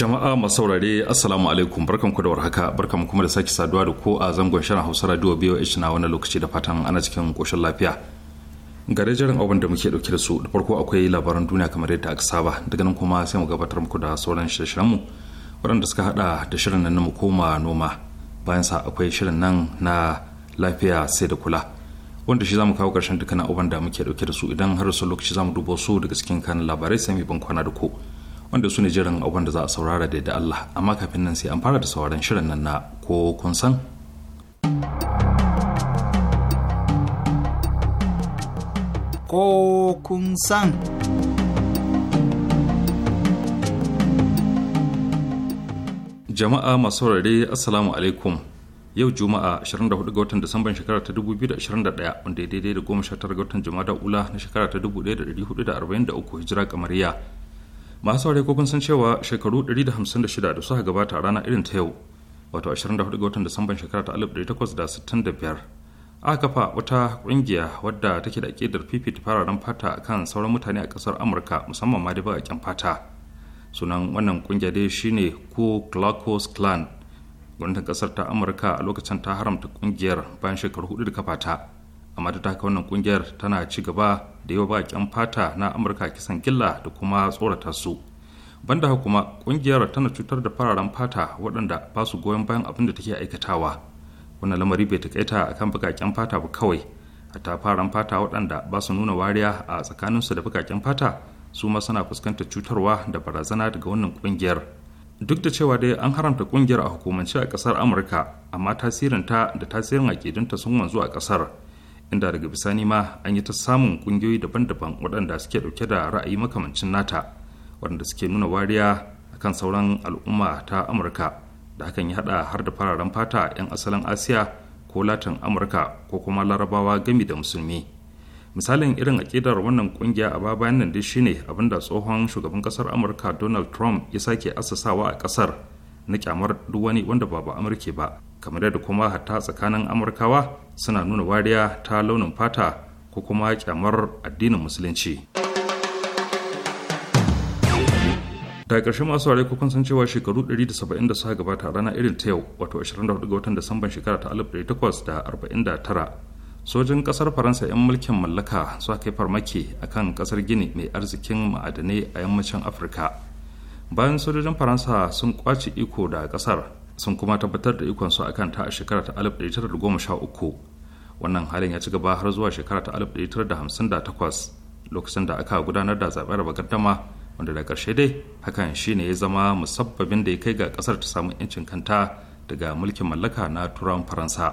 jama'a masu saurare assalamu alaikum barkan ku da warhaka barkan kuma da sake saduwa da ko a zangon shirin hausa radio BOH na wani lokaci da fatan ana cikin koshin lafiya gare jiran abin da muke dauke da su da farko akwai labaran duniya kamar yadda aka saba daga nan kuma sai mu gabatar muku da sauran shirye mu waɗanda suka hada da shirin nan na mu koma noma bayan sa akwai shirin nan na lafiya sai da kula wanda shi zamu kawo karshen dukkan abin da muke dauke da su idan har su lokaci zamu dubo su daga cikin kan labarai sai mu bin kwana da ku wanda su ne jiran abin da za a saurara da da Allah amma kafin nan sai an fara da sauran shirin nan na ko kun san. Ko kun san. Jama'a masu saurare Assalamu alaikum. yau juma'a 24 ga watan disamban shekara ta 2021 wanda ya daidai da 19 ga watan jumada ula na shekara ta 1443 hijira ya. masu saurari ko kun cewa shekaru 156 da suka gabata a rana irin ta yau wato 24 ga watan disamban shekara ta 1865 aka kafa wata kungiya wadda take da aƙidar fifita fararen fata kan sauran mutane a kasar amurka musamman ma da bakin fata sunan wannan kungiya dai shine ku klan clan gwamnatin kasar ta amurka a lokacin ta haramta kungiyar bayan shekaru hudu da kafa ta amma ta haka wannan kungiyar tana ci gaba da yawa bakin fata na amurka kisan killa da kuma tsorata su banda haka kuma ƙungiyar tana cutar da fararen fata waɗanda ba su goyon bayan abin da take aikatawa wannan lamari bai takaita kan bakin fata ba kawai a ta fararen fata waɗanda ba su nuna wariya a tsakaninsu da bakin fata su ma suna fuskantar cutarwa da barazana daga wannan ƙungiyar duk da cewa dai an haramta ƙungiyar a hukumance a ƙasar amurka amma tasirinta da tasirin aƙidunta sun wanzu a ƙasar inda daga bisani ma an yi ta samun kungiyoyi daban-daban waɗanda suke ɗauke da ra'ayi makamancin nata waɗanda suke nuna wariya akan sauran al'umma ta amurka da hakan ya haɗa har da fararen fata 'yan asalin asiya ko latin amurka ko kuma larabawa gami da musulmi misalin irin aƙidar wannan kungiya a bayan nan dai shine da tsohon shugaban ƙasar amurka donald trump ya sake asasawa a ƙasar na kyamar duk wani wanda ba ba amurke ba kamar yadda kuma hatta tsakanin amurkawa suna nuna wariya ta launin fata ko kuma kyamar addinin musulunci da ƙarshe masu ware kukun san cewa shekaru 170 da suka gabata a rana irin ta yau wato 24 ga watan disamban shekara ta 1849 sojin kasar faransa 'yan mulkin mallaka suka kai farmaki a kan ƙasar gini mai arzikin ma'adanai a yammacin afirka bayan sojojin faransa sun kwace iko da ƙasar. sun kuma tabbatar da ikonsu a kanta a shekara ta 1913 wannan halin ya ci gaba har zuwa shekara ta 1958 lokacin da aka gudanar da zaɓen raba gardama wanda da ƙarshe dai hakan shi ne ya zama musabbabin da ya kai ga ƙasar ta samu 'yancin kanta daga mulkin mallaka na turan faransa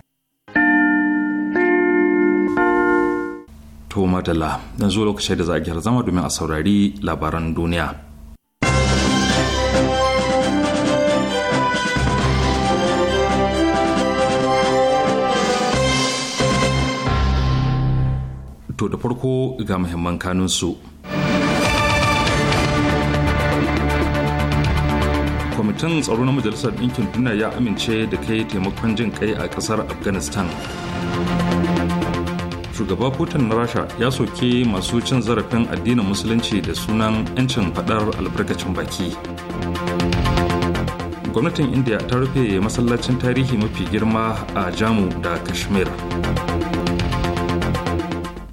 to madalla yanzu lokacin da za a gyara zama domin a saurari labaran duniya. To da farko ga muhimman kanunsu. Kwamitin tsaro na Majalisar Ɗinkin Duniya ya amince da kai taimakon jin kai a ƙasar Afghanistan. shugaba putin na rasha ya soke masu cin zarafin addinin musulunci da sunan 'yancin faɗar albarkacin baki gwamnatin india ta rufe masallacin tarihi mafi girma a jamu da kashmir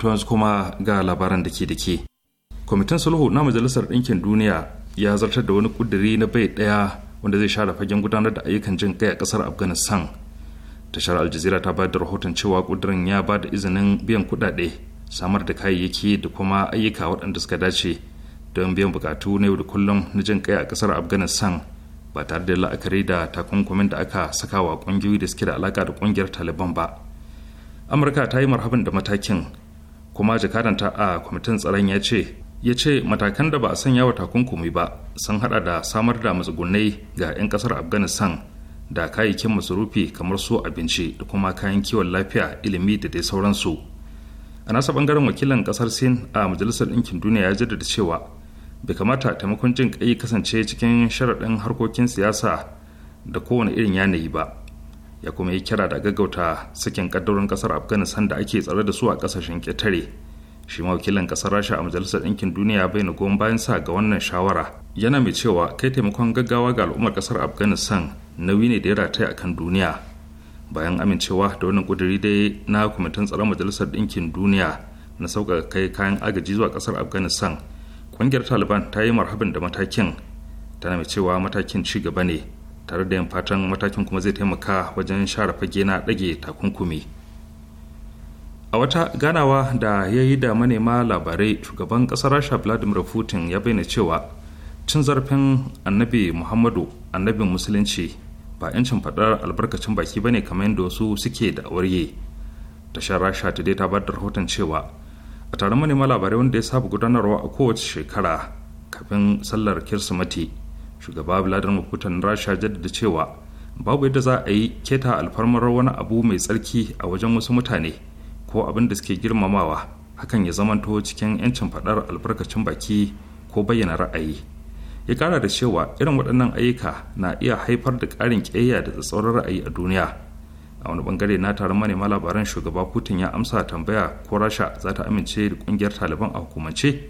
yanzu kuma ga labaran da ke da ke kwamitin sulhu na majalisar ɗinkin duniya ya zartar da wani ƙudiri na bai ɗaya wanda zai share fagen gudanar da ayyukan jin kai a ƙasar afghanistan tashar aljazira ta bayar da rahoton cewa kudirin ya ba da izinin biyan kudade samar da kayayyaki da kuma ayyuka waɗanda suka dace don biyan bukatu na yau da kullum na jin kai a kasar afghanistan ba tare da la'akari da takunkumin da aka saka wa ƙungiyoyi da suke da alaƙa da ƙungiyar taliban ba amurka ta yi marhabin da matakin kuma jakadanta a kwamitin tsaron ya ce ya ce matakan da ba a sanya wa takunkumi ba sun hada da samar da matsugunai ga 'yan kasar afghanistan da kayayyakin masarufi kamar su abinci da kuma kayan kiwon lafiya ilimi da dai sauransu a nasa bangaren wakilin kasar sin a majalisar ɗinkin duniya ya jaddada cewa bai kamata taimakon jin kai kasance cikin sharaɗin harkokin siyasa da kowane irin yanayi ba ya kuma yi kira da gaggauta sakin kaddarorin kasar afghanistan da ake tsare da su a kasashen ƙetare shi ma wakilan kasar rasha a majalisar ɗinkin duniya bai na goyon bayan sa ga wannan shawara yana mai cewa kai taimakon gaggawa ga al'ummar kasar afghanistan nauyi ne da ya rataya a kan duniya bayan amincewa da wannan kuduri dai na kwamitin tsaron majalisar ɗinkin duniya na sauƙaƙa kai kayan agaji zuwa ƙasar afghanistan ƙungiyar taliban ta yi marhabin da matakin tana mai cewa matakin ci gaba ne tare da yin fatan matakin kuma zai taimaka wajen share fage na ɗage takunkumi a wata ganawa da ya yi da manema labarai shugaban ƙasar rasha vladimir putin ya bayyana cewa cin zarafin annabi muhammadu annabin musulunci ba 'yancin faɗar albarkacin baki ba ne kamar yadda wasu suke da aure tashar rasha sha ta bada rahoton cewa a taron manema labarai wanda ya saba gudanarwa a kowace shekara kafin sallar kirsimati shugaba vladimir putin rasha jaddada cewa babu yadda za a yi keta alfarmar wani abu mai tsarki a wajen wasu mutane ko abin da suke girmamawa hakan ya zamanto cikin 'yancin faɗar albarkacin baki ko bayyana ra'ayi ya kara da cewa irin waɗannan ayyuka na iya haifar da ƙarin ƙeya da tsatsauran ra'ayi a duniya a wani bangare na taron manema labaran shugaba putin ya amsa tambaya ko rasha za ta amince da ƙungiyar taliban a hukumance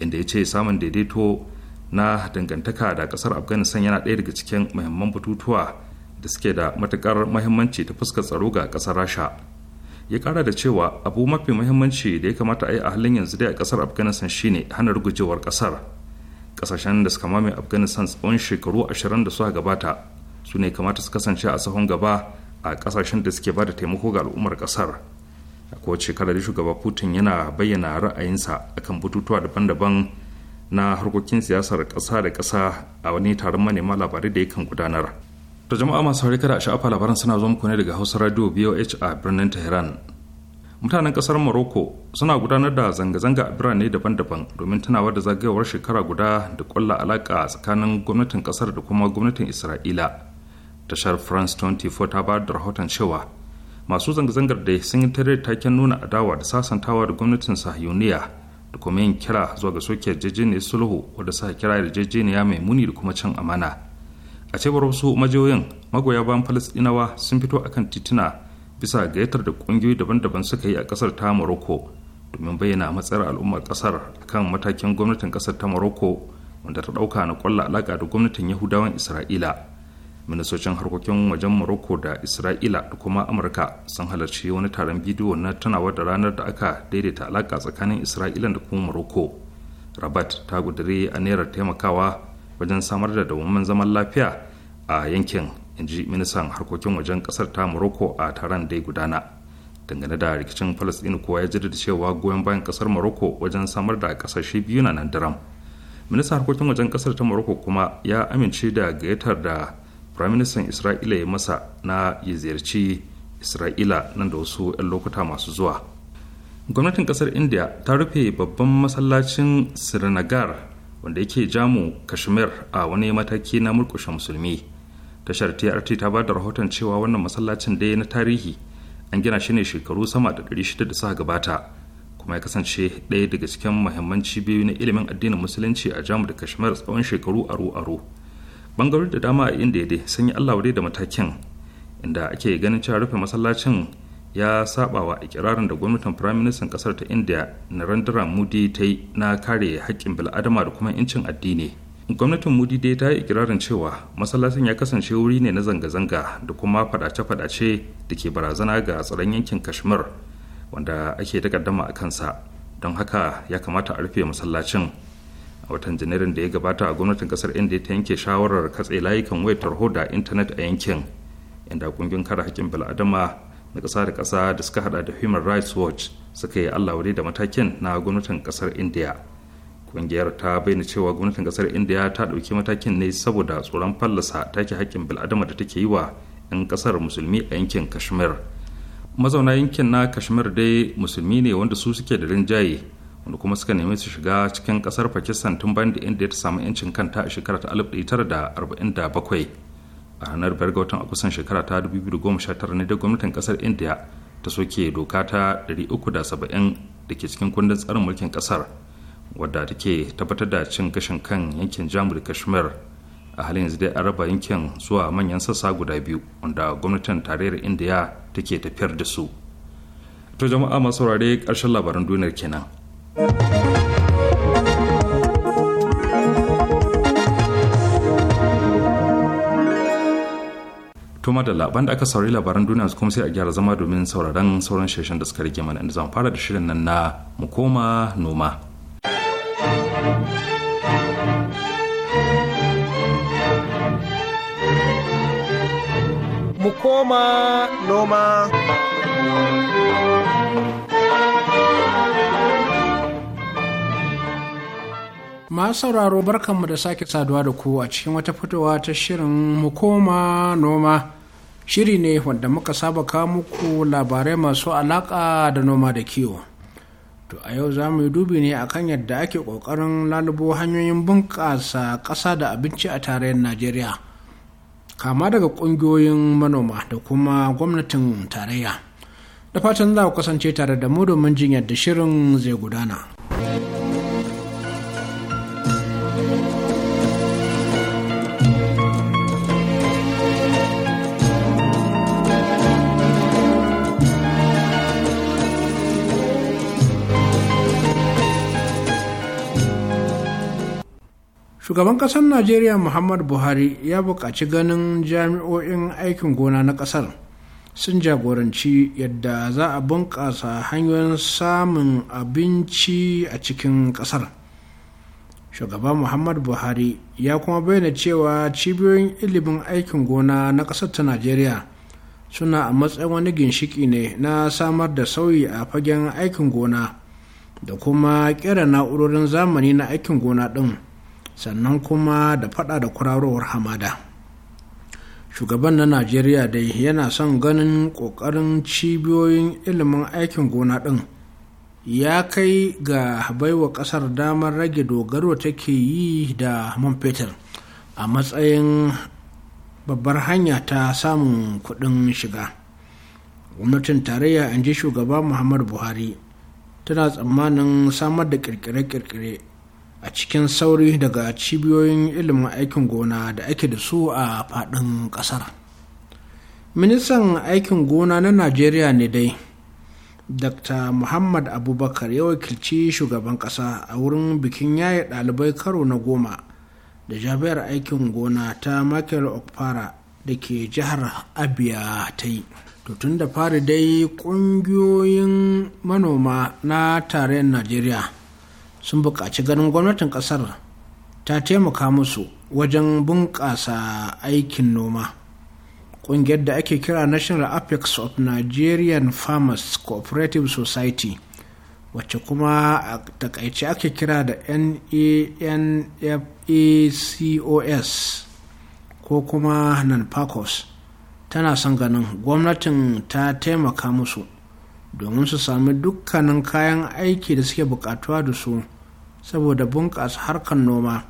inda ya ce samun daidaito na dangantaka da ƙasar afghanistan yana ɗaya daga cikin muhimman batutuwa da suke da matuƙar muhimmanci ta fuskar tsaro ga ƙasar rasha ya kara da cewa abu mafi muhimmanci da ya kamata a yi a halin yanzu dai a ƙasar afghanistan shine hana rugujewar ƙasar kasashen da suka mame afghanistan tsawon shekaru ashirin da suka gabata su ne kamata su kasance a sahun gaba a kasashen da suke bada taimako ga al'ummar kasar a kowace shekara da shugaba putin yana bayyana ra'ayinsa akan bututuwa daban-daban na harkokin siyasar kasa da kasa a wani taron manema labarai da yakan gudanar. To jama'a masu harika da sha'afa labaran suna zuwa muku ne daga Hausa Radio BOH a birnin Tehran. mutanen kasar morocco suna gudanar da zanga-zanga a birane daban-daban domin tunawa da zagayowar shekara guda da kwalla alaka tsakanin gwamnatin kasar da kuma gwamnatin isra'ila tashar france 24 ta bayar da rahoton cewa masu zanga-zangar da sun yi tare taken nuna adawa da sasantawa da gwamnatin sahyuniya da kuma yin kira zuwa ga soke yarjejeniyar sulhu wadda suka kira yarjejeniya mai muni da kuma cin amana a cewar wasu majiyoyin magoya bayan falastinawa sun fito akan tituna bisa gayyatar da kungiyoyi daban-daban suka yi a kasar ta morocco domin bayyana matsayar al'ummar kasar kan matakin gwamnatin kasar ta morocco wanda ta dauka na kwalla alaka da gwamnatin yahudawan isra'ila ministocin harkokin wajen morocco da isra'ila da kuma amurka sun halarci wani taron bidiyo na tunawa da ranar da aka daidaita alaka tsakanin isra'ila da kuma morocco rabat ta a naira taimakawa wajen samar da dawamman zaman lafiya a yankin in ji ministan harkokin wajen kasar ta morocco a taron dai gudana dangane da rikicin palestine kuwa ya jaddada cewa goyon bayan kasar morocco wajen samar da kasashe biyu na nan daram ministan harkokin wajen kasar ta morocco kuma ya amince da gayyatar da firaministan isra'ila ya masa na ya ziyarci isra'ila nan da wasu 'yan lokuta masu zuwa gwamnatin kasar india ta rufe babban masallacin srinagar wanda yake jamu kashmir a wani mataki na murkushe musulmi tashar trt ta ba da rahoton cewa wannan masallacin daya na tarihi an gina shi ne shekaru sama da 600 da suka gabata kuma ya kasance ɗaya daga cikin muhimman cibiyoyi na ilimin addinin musulunci a jamu da kashmir tsawon shekaru aro-aro bangarori da dama a inda ya dai sun yi allah da matakin inda ake ganin cewa rufe masallacin ya saba wa ikirarin da gwamnatin firaministan kasar ta india narendra mudi ta yi na kare haƙƙin bil'adama da kuma 'yancin addini gwamnatin mudi dai ta yi ikirarin cewa masallacin ya kasance wuri ne na zanga-zanga da kuma fadace-fadace da ke barazana ga tsaron yankin kashmir wanda ake takaddama a kansa don haka ya kamata a rufe masallacin a watan janairun da ya gabata a gwamnatin kasar india ta yanke shawarar katse layukan wayar tarho da intanet a yankin inda kungiyoyin kare hakkin bil'adama na ƙasa da ƙasa da suka hada da human rights watch suka yi allawari da matakin na gwamnatin kasar india kungiyar ta bayyana cewa gwamnatin kasar indiya ta dauki matakin ne saboda tsoron fallasa take hakkin bil'adama da take yi wa 'yan kasar musulmi a yankin kashmir mazauna yankin na kashmir dai musulmi ne wanda su suke da rinjaye wanda kuma suka nemi su shiga cikin kasar pakistan tun bayan da indiya ta samu 'yancin kanta a shekara ta 1947 a ranar biyar ga watan kusan shekara ta 2019 ne da gwamnatin kasar india ta soke doka ta 370 da ke cikin kundin tsarin mulkin kasar wadda ke tabbatar da cin gashin kan yankin jamus da kashmir a halin yanzu dai an raba yankin zuwa manyan sassa guda biyu wanda gwamnatin tarayyar indiya take tafiyar da su to jama'a masu saurare ƙarshen labaran duniyar kenan to madalla ban da aka saurari labaran duniya su kuma sai a gyara zama domin sauraron sauran shirshen da suka rage mana inda zan fara da shirin nan na mu koma noma Mu koma noma. masu sauraro barkanmu da sake saduwa da ku a cikin wata fitowa ta shirin mukoma noma shiri ne wanda muka saba kawo muku labarai masu alaƙa da noma da kiwo To a yau za mu yi dubi ne akan yadda ake ƙoƙarin lalubo hanyoyin bunƙasa ƙasa da abinci a tarayyar Najeriya. Kama daga ƙungiyoyin manoma da kuma gwamnatin tarayya. Da fatan za ku kasance tare da mu domin jin yadda shirin zai gudana. shugaban ƙasar najeriya muhammad buhari ya buƙaci ganin jami'o'in aikin gona na ƙasar sun jagoranci yadda za a bunƙasa hanyoyin samun abinci a cikin ƙasar Shugaban muhammad buhari ya kuma bayyana cewa cibiyoyin ilimin aikin gona na ƙasar ta najeriya suna a matsayin wani ginshiki ne na samar da sauyi a fagen aikin gona da kuma kera na'urorin zamani na aikin gona ɗin sannan kuma da fada da kurarowar hamada shugaban na najeriya dai yana son ganin ƙoƙarin cibiyoyin ilimin aikin gona ɗin ya kai ga baiwa ƙasar damar rage dogaro take yi da man fetur a matsayin babbar hanya ta samun kuɗin shiga gwamnatin tarayya in ji shugaba muhammadu buhari tana tsammanin samar da kirkire-kirkire a cikin sauri daga cibiyoyin ilimin aikin gona da ake da su a faɗin ƙasar ministan aikin gona na najeriya ne dai dr muhammad abubakar ya wakilci shugaban ƙasa a wurin bikin yaye ɗalibai karo na goma da jami'ar aikin gona ta michael okpara da ke jihar abia ta yi tun da fari dai ƙungiyoyin manoma na tarayyar najeriya sun buƙaci ganin gwamnatin ƙasar ta taimaka musu wajen bunƙasa aikin noma ƙungiyar da ake kira national apex of nigerian farmers cooperative society wacce kuma a takaice ake kira da nanfacos ko kuma nanfacos tana son ganin gwamnatin ta taimaka musu domin su sami dukkanin kayan aiki da suke bukatuwa da su saboda bunƙasa harkar noma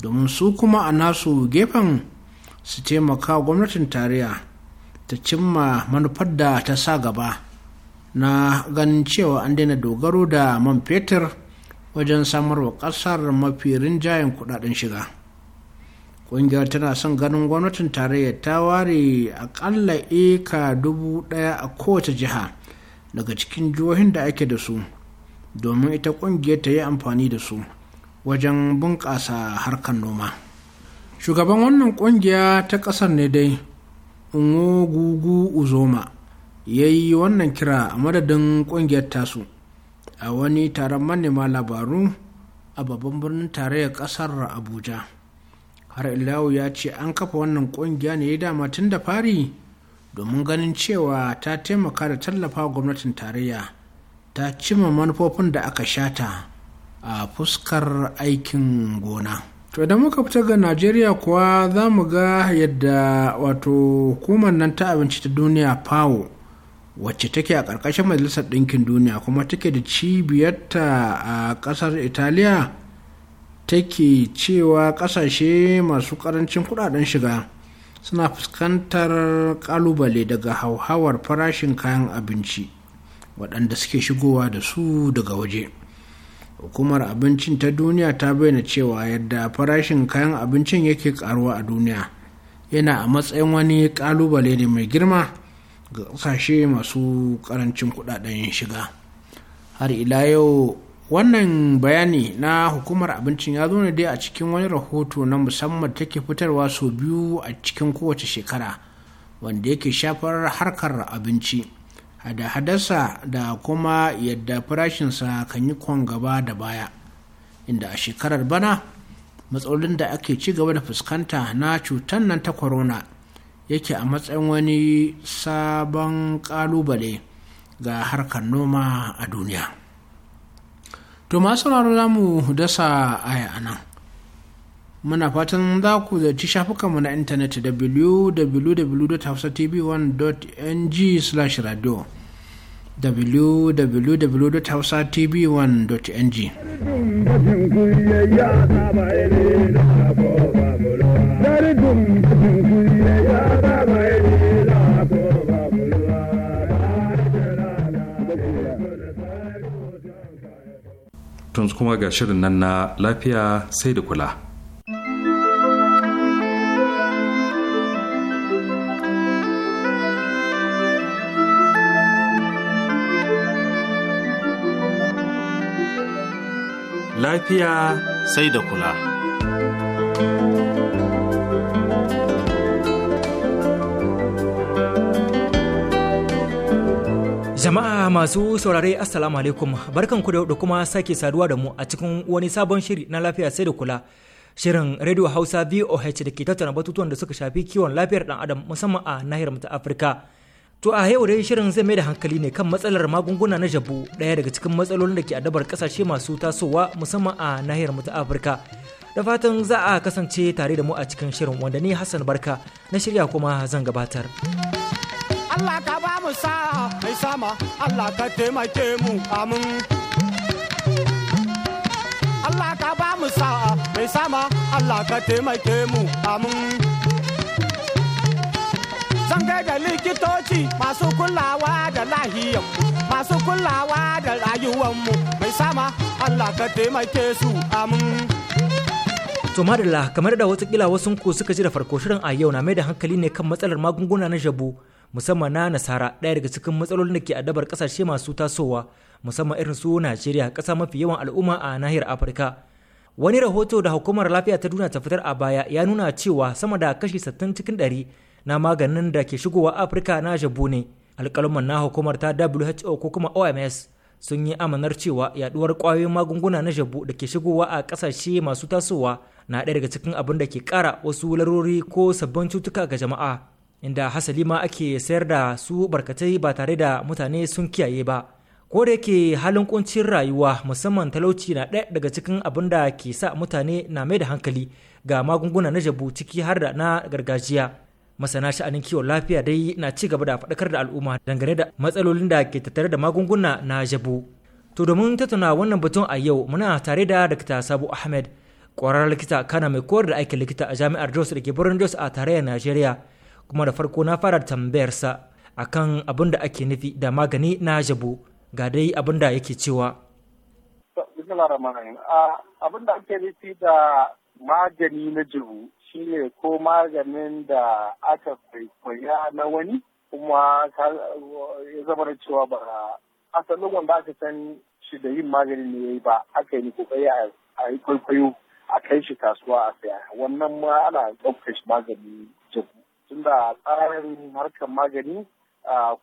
domin su kuma a nasu gefen su taimaka gwamnatin tarayya ta cimma manufar da ta sa gaba na ganin cewa an daina dogaro da man fetur wajen samarwa ƙasar mafi rinjayen kudaden shiga ƙungiyar tana son ganin gwamnatin tarayya ta ware akalla eka dubu ɗaya a kowace jiha daga cikin jihohin da ake da su domin ita kungiyar ta yi amfani da su wajen bunƙasa harkar noma shugaban wannan kungiya ta ƙasar ne dai gugu uzoma ya yi wannan kira a madadin kungiyar tasu a wani taron manema labaru a babban birnin tarayyar ƙasar abuja har ilawu ya ce an kafa wannan kungiya ne ya dama tun da fari domin ganin cewa ta taimaka da tallafa gwamnatin tarayya ta cima manufofin da aka shata a fuskar aikin gona. to idan muka fita ga najeriya kuwa za mu ga yadda wato hukumar nan ta abinci ta duniya fawo wacce take a ƙarƙashin majalisar ɗinkin duniya kuma take da cibiyarta a ƙasar italiya take cewa ƙasashe masu ƙarancin kuɗaɗen shiga suna fuskantar kalubale daga hauhawar farashin kayan abinci waɗanda suke shigowa da su daga waje hukumar abincin ta duniya ta bayyana cewa yadda farashin kayan abincin yake karuwa a duniya yana a matsayin wani kalubale ne mai girma ga ƙasashe masu ƙarancin kuɗaɗen shiga har ila yau wannan bayani na hukumar abincin ya zo ne dai a cikin wani rahoto na musamman take fitarwa sau biyu a cikin kowace shekara wanda yake shafar harkar abinci hada hadarsa da kuma yadda farashinsa kan yi kwan gaba da baya inda a shekarar bana matsalolin da ake ci gaba da fuskanta na cutar nan ta corona yake a matsayin wani sabon kalubale ga harkar noma a duniya. to masu sauraro za mu dasa aya nan. muna fatan za ku zaci shafukanmu na intanet www.hausatv1.ng slash radio www.hausatv1.ng www tun kuma ga shirin nan na lafiya sai da kula. Lafiya sai da kula. Jama'a masu saurare Assalamu alaikum ku da da kuma sake saduwa da mu a cikin wani sabon shiri na lafiya sai da kula. Shirin Radio Hausa VOH da ke tattauna batutuwan da suka shafi kiwon lafiyar dan adam musamman a nahiyar ta Afirka. To a yau dai shirin zai mai da hankali ne kan matsalar magunguna na jabu daya daga cikin matsalolin da ke adabar kasashe masu tasowa musamman a nahiyar ta Afirka. Da fatan za a kasance tare da mu a cikin shirin wanda ni Hassan Barka na shirya kuma zan gabatar. Allah ka ba mu sa'a mai sama Allah ka taimake mu amin Allah ka ba mu sa'a mai sama Allah ka taimake mu amin Zan kai da likitoci masu kulawa da lahiyar masu kulawa da rayuwanmu mai sama Allah ka taimake su amin To madalla kamar da watakila wasu ku suka ji da farko shirin a yau na mai da hankali ne kan matsalar magunguna na jabu musamman na nasara ɗaya daga cikin matsalolin da ke addabar ƙasashe masu tasowa musamman irin su najeriya ƙasa mafi yawan al'umma a nahiyar afirka wani rahoto da hukumar lafiya ta duniya ta fitar a baya ya nuna cewa sama da kashi 60 cikin ɗari na maganin da ke shigowa afirka na jabu ne alƙaluman na hukumar ta who ko kuma oms sun yi amanar cewa yaduwar ƙwayoyin magunguna na jabu da ke shigowa a ƙasashe masu tasowa na ɗaya daga cikin abin da ke ƙara wasu larurori ko sabbin cutuka ga jama'a inda hasali ma ake sayar da su barkatai ba tare da mutane sun kiyaye ba ko da yake halin kuncin rayuwa musamman talauci na ɗaya daga cikin abin da ke sa mutane na mai da hankali ga magunguna na jabu ciki har da na gargajiya masana sha'anin kiwon lafiya dai na ci gaba da faɗakar da al'umma dangane da matsalolin da ke tattare da magunguna na jabu to domin tattauna wannan batun a yau muna tare da dr. sabu ahmed ƙwararren likita kana mai koyar da aikin likita a jami'ar jos da ke birnin jos a tarayyar najeriya kuma da farko na fara tambayarsa akan abin da ake nufi da magani na jabo ga dai abin da yake cewa abin da ake nufi da magani na jabo shine ko maganin da aka kwaikwaya na wani kuma ya zama da cewa ba asalin wanda aka san shi da yin magani ne yayi ba aka yi kokari a yi kwaikwayo a kai shi kasuwa a saya wannan ma ana ɗaukar shi magani tunda tsarin harkar magani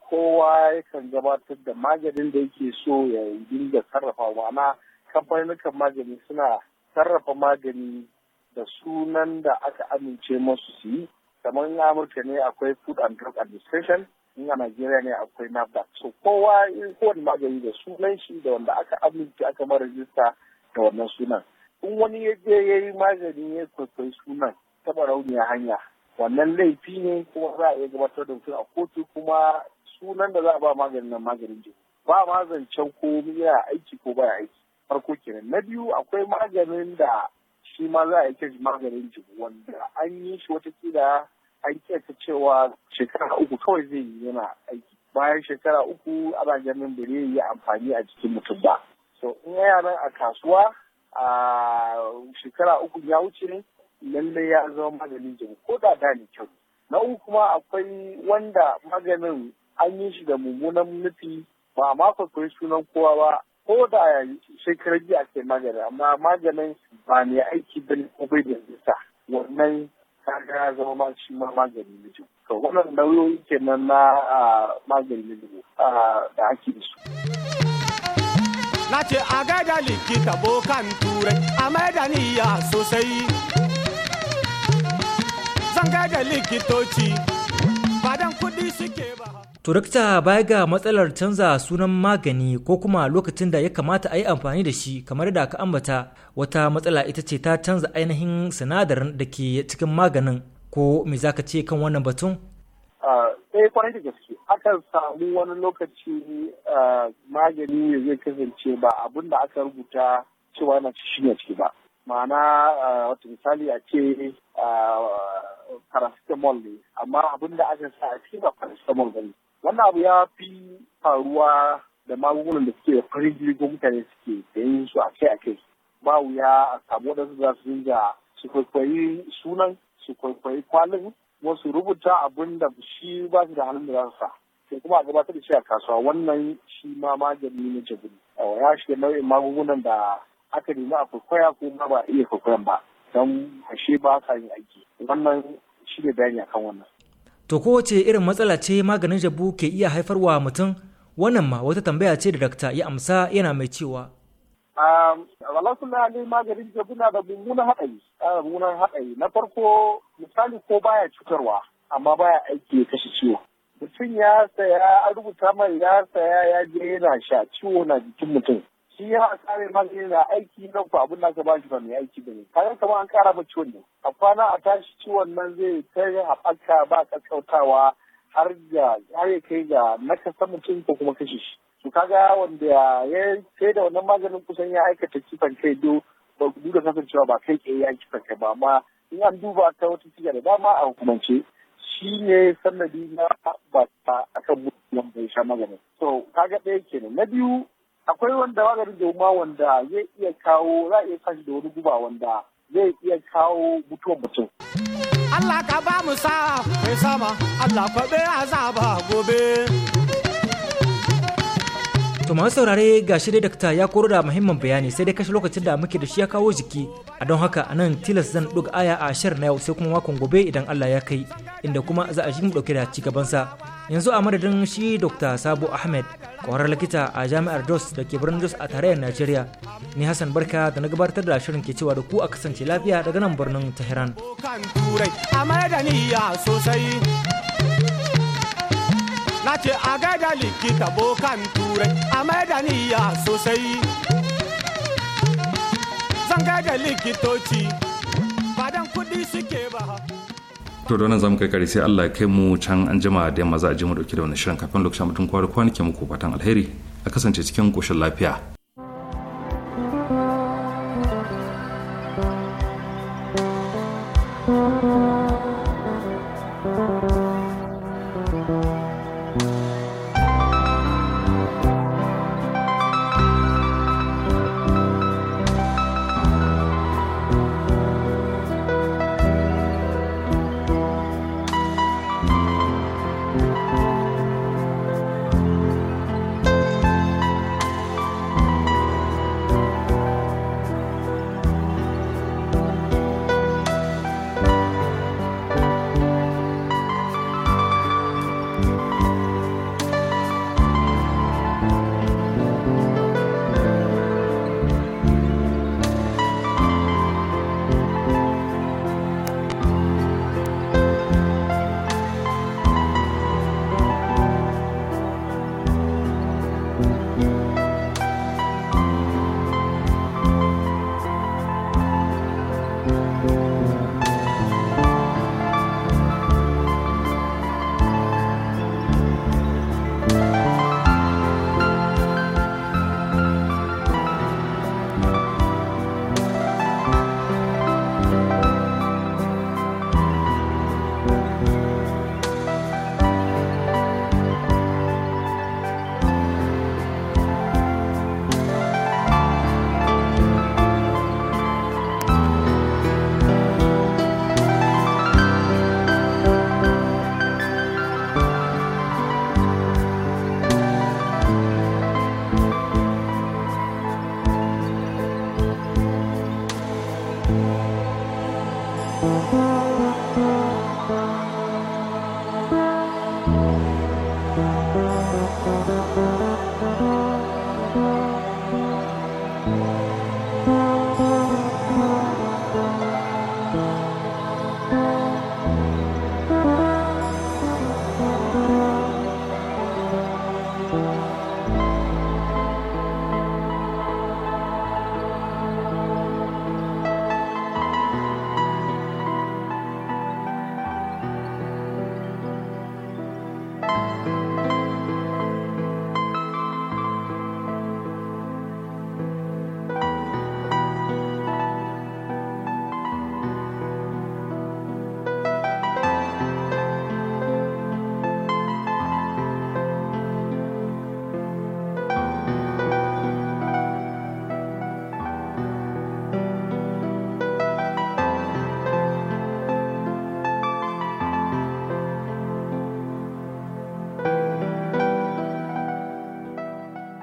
kowa yakan gabatar da maganin da yake so ya dinga sarrafa ma'ana kamfanin magani suna sarrafa magani da sunan da aka amince masu su yi kamar in amurka ne akwai food and drug administration in a nigeria ne akwai nafda so kowa in kowane magani da sunan shi da wanda aka amince aka mara rajista da wannan sunan in wani ya je ya yi magani ya kwaikwayi sunan taɓa rauniya hanya wannan laifi ne kuma za a iya gabatar da mutum a kotu kuma sunan da za a ba maganin nan maganin jini ba ma zancen ko yana aiki ko baya aiki farko kenan na biyu akwai maganin da shi ma za a yi kai maganin jini wanda an yi shi kila an kiyata cewa shekara uku kawai zai yi yana aiki bayan shekara uku ana ganin da zai yi amfani a jikin mutum ba so in yana nan a kasuwa a shekara uku ya wuce ne lallai ya zama maganin jini ko da da ne kyau na uku kuma akwai wanda maganin an yi shi da mummunan nufi ba ma kwakwai sunan kowa ba ko da shekarar jiya ke magani amma maganin ba ne aiki ba ne ko bai da nisa wannan kaga ya zama ma shi ma maganin to wannan nauyoyi kenan na maganin da ake da su. na ce a gaida likita bokan turai a maida niyya sosai sanga likitoci ba dan suke Turakta baya ga matsalar canza sunan magani ko kuma lokacin da ya kamata a yi amfani da shi kamar da aka ambata wata matsala ita ce ta canza ainihin sinadarin da ke cikin maganin ko me za ka ce kan wannan batun? Sai eh, kwarai da gaske akan samu wani lokaci eh, magani zai kasance ba abin da aka rubuta cewa na shi ne ba. ma'ana eh, wata misali a ce eh, paracetamol ne amma abin da aka sa a cikin ba paracetamol ba ne wannan abu ya fi faruwa da magungunan da suke farin jirgin mutane suke da yin su a kai a kai ba wuya a samu wadansu za su dinga su kwaikwayi sunan su kwaikwayi kwalin wasu rubuta abin da shi ba su da halin da za su sa sai kuma a gabatar da shi a kasuwa wannan shi ma magani ne awa ya shiga nau'in magungunan da aka nemi a kwaikwaya ko ma ba a iya kwaikwayan ba don ashe ba sa yin aiki wannan shi ne bayani akan wannan. To kowace irin matsala ce maganin jabu ke iya haifarwa mutum wannan ma wata tambaya ce da dakta ya amsa yana mai cewa. na ne maganin jabu na da mummunan haɗari, mummunan haɗari. Na farko misali ko baya cutarwa amma baya aiki ya kashe ciwo. Mutum ya saya an rubuta mai ya saya ya je yana sha ciwo na jikin mutum. shi ya kare magani na aiki na ko abin ka ba shi ba mai aiki ba ne kaga kamar an kara ba ciwon ne a kwana a tashi ciwon nan zai kai haɓaka ba kakkautawa har har ya kai ga nakasa mutum ko kuma kashe shi to kaga wanda ya sai da wannan maganin kusan ya aikata kifan kai do ba duka da kasancewa ba kai ke ya kifan kai ba amma in an duba ta wata ciga da dama a hukumance shi ne sanadi na ba a kan mutum bai sha maganin. So, kaga ɗaya kenan. Na biyu akwai wanda maganin dauma wanda zai iya kawo za a iya kashi da wani guba wanda zai iya kawo mutuwar mutum. Allah ka ba mu sa mai sama Allah kwaɓe azaba gobe. To masu saurare ga shi dai dakta ya koro da muhimman bayani sai dai kashe lokacin da muke da shi ya kawo jiki a don haka a nan tilas zan ɗuga aya a shir na yau sai kuma makon gobe idan Allah ya kai inda kuma za a shi mu ɗauke da cigabansa yanzu a madadin shi dr sabo ahmed kwarar likita a jami'ar jos da ke birnin jos a tarayyar nigeria ni hassan barka da na gabatar da shirin ke cewa da ku a kasance lafiya daga nan birnin tehran a likita likitoci badan suke ba to da wannan zamu kai kare sai Allah ya kai mu can an jima da yamma za a ji mu dauki da wannan shirin kafin lokacin mutum kwari ke muku fatan alheri a kasance cikin koshin lafiya